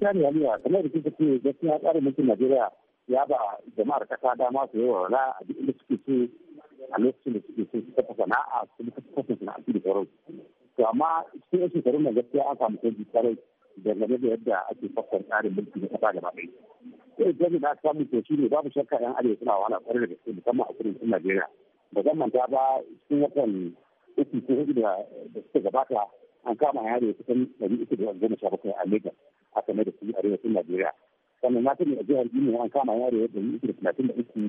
gaskiya ne haliya kamar da kika ce gaskiya tsarin mulkin najeriya ya ba jama'ar kasa dama su yi wala a duk inda suke so a lokacin da suke so su kafa sana'a su kafa sana'a'ci da sauran to amma cikin yan shekarun nan gaskiya an samu canji sarai dangane da yadda ake fassar tsarin mulki na kasa gaba ɗaya sai da da samu to ne babu shakka yan arewa suna wahala kwarai da gaske musamman a cikin najeriya ba zan manta ba cikin watan uku ko hudu da suka gabata an kama yare kusan ɗari uku da goma sha bakwai a Lagos aka mai da su arewacin Najeriya. Sannan na sani a jihar Gini an kama yaro da yi da talatin da uku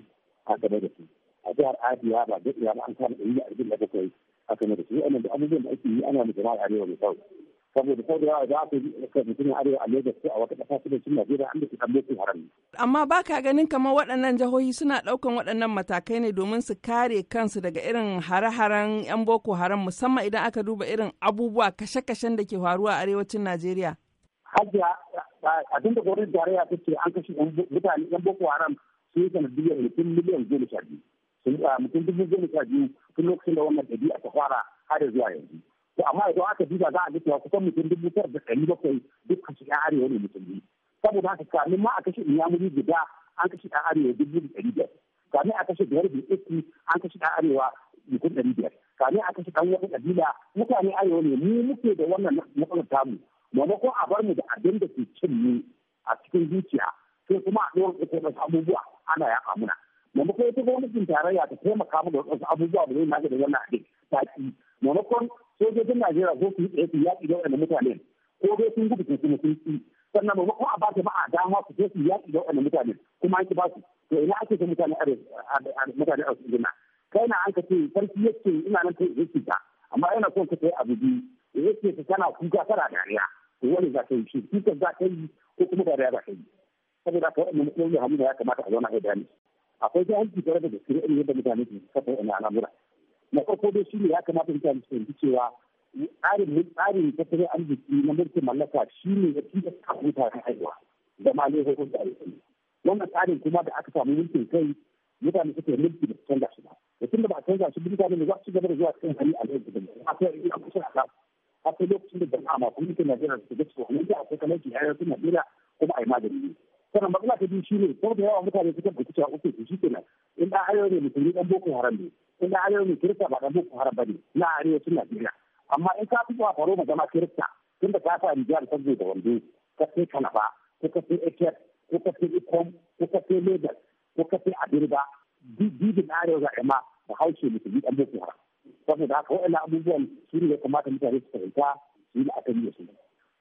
da su. A jihar Abia ba gaskiya ba an kama ɗari a arba'in da bakwai aka mai da su. Wannan da abubuwan da ake yi ana da jama'a arewa mai kyau. saboda ko da za yi ka mutum arewa a Lagos ko a wata ƙasa su da suna an da su kalle su haram. Amma ba ka ganin kamar waɗannan jihohi suna ɗaukan waɗannan matakai ne domin su kare kansu daga irin hare-haren 'yan Boko Haram musamman idan aka duba irin abubuwa kashe-kashen da ke faruwa a arewacin Najeriya. hajiya abin da gwamnatin tarayya ta ce an kashe mutane yan boko haram sun yi sanadiyar mutum miliyan goma sha biyu ah, mutum dubu goma sha biyu tun lokacin da wannan ɗabi'a ta fara har zuwa yanzu to amma idan aka duba za a ga cewa kusan mutum dubu tara da ɗari bakwai dukkan su ƴan arewa ne musulmi saboda haka kamin ma a kashe inyamuri guda an kashe ɗan arewa dubu da ɗari biyar kamin a kashe biyar da ɗari an kashe ɗan arewa mutum ɗari biyar kamin a kashe ɗan wata ƙabila mutane arewa ne mu muke da wannan matsalar tamu maimakon a bar mu da abin da ke cin mu a cikin zuciya sai kuma a ɗora ita wasu abubuwa ana yaƙa muna maimakon ita gwamnatin tarayya ta taimaka mu da wasu abubuwa da zai da wannan abin ta ki maimakon sojojin najeriya ko su yi tsaye su yaƙi da waɗannan mutane ko dai sun gudu ko kuma sun ci sannan maimakon a ba jama'a dama su je su yaƙi da waɗannan mutane kuma an ki ba su to ina ake ta mutane mutane a su kai na an ka ce sarki yake ina nan ta yi ta amma yana son ka kai abu biyu yake ta tana kuka tana dariya wani za ka yi shi duka za ka yi ko kuma ba da za yi saboda haka mutum matsaloli hamuna ya kamata a zauna a gane akwai jahilci tare da gaskiya irin yadda mutane ke kafa wani al'amura na farko dai shi ne ya kamata mutane su fahimci cewa tsarin tsarin tattalin arziki na mulkin mallaka shi ne ya fi da mutane haihuwa da ma ne hukun da aiki wannan tsarin kuma da aka samu mulkin kai mutane suke mulki da su canza shi ba da tun da ba canza shi mutane ne za su gaba da zuwa cikin hali a yau da gobe a kusa a akwai lokacin da jama'a masu mulkin Najeriya su ga tsohonin da akwai talauci a yankin Najeriya kuma a yi magani ne. Sannan matsala ta biyu shine ko da yawa mutane suka da kuce a uku su shikenan in da arewa ne musulmi dan boko haram ne in da arewa ne kirista ba dan boko haram bane na arewacin Najeriya amma in ka a faro ma zama kirista tun da ka sa rijiyar sabbi da wando ka sai kanaba ko ka sai ekiyar ko ka sai ikom ko ka sai lagos ko ka sai abirba bibin arewa za'ima da haushe musulmi dan boko haram saboda haka waɗannan abubuwan su ne ya kamata mutane su fahimta su yi la'akari da su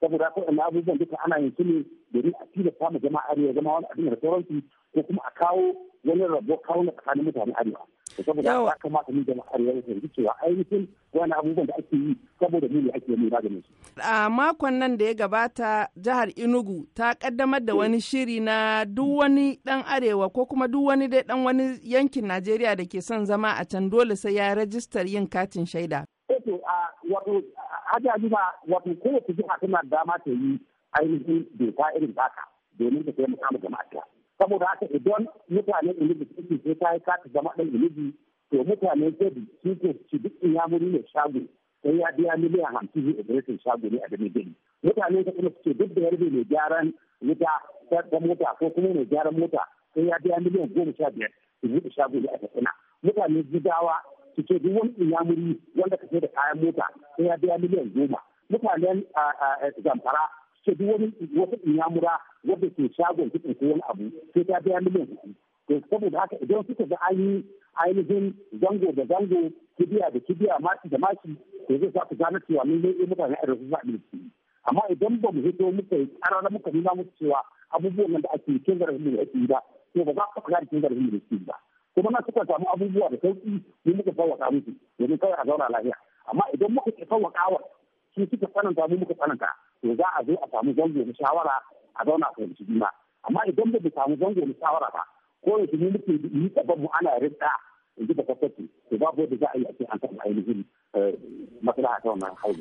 saboda haka waɗannan abubuwan duka ana yin su ne domin a tilasta ma jama'a arewa zama wani abin da sauransu ko kuma a kawo wani rabo kawo na tsakanin mutane arewa to saboda haka kamata mu jama'a ya yanzu cewa ainihin wani abubuwan da ake yi saboda mu ne ake yi maganin su a makon nan da ya gabata jihar Enugu ta kaddamar da wani shiri na duk wani dan arewa ko kuma duk wani dai dan wani yankin Najeriya da ke son zama a can dole sai ya rajistar yin katin shaida eh to a wato haka ba wato kowace jiha tana dama ta yi ainihin doka irin baka domin ta taimaka ma jama'a saboda haka idan mutane ilibi suke sai ta yi kata zama ɗan ilimi to mutane gari su ke ci duk in ya muri mai shago sai ya biya miliyan hamsin zai adiresin shago ne a dame gari mutane da kuma suke duk da yarda mai gyaran wuta ta mota ko kuma mai gyaran mota sai ya biya miliyan goma sha biyar su buɗe shago ne a katsina mutane gidawa su ce duk wani inyamuri wanda ka da kayan mota sai ya biya miliyan goma mutanen zamfara ce duk wani wata inyamura wadda ke shagon kitsin ko wani abu sai ta biya miliyan kuɗi to saboda haka idan suka ga an yi ainihin zango da zango kibiya da kibiya maki da maki to zai sa ku gane cewa mun yi eh, mutane a rasu zaɓi amma idan ba mu hito muka yi ƙarara muka nuna musu cewa abubuwan nan da ake kin zarafin da ake ba to ba za ku da kin zarafin da ake ba kuma na suka samu abubuwa da sauƙi ne muka sauwaƙa musu domin kawai a zauna lafiya amma idan muka sauwaƙa wa su suka tsananta mu muka tsananta to za a zo a samu zango na shawara a zauna a fahimci juna amma idan ba samu zango na shawara ba ko yanzu mu muke yi gaban mu ana rinda in ji da kasafi to babu yadda za a yi a ce an samu ainihin eh, maslaha ta wannan hali.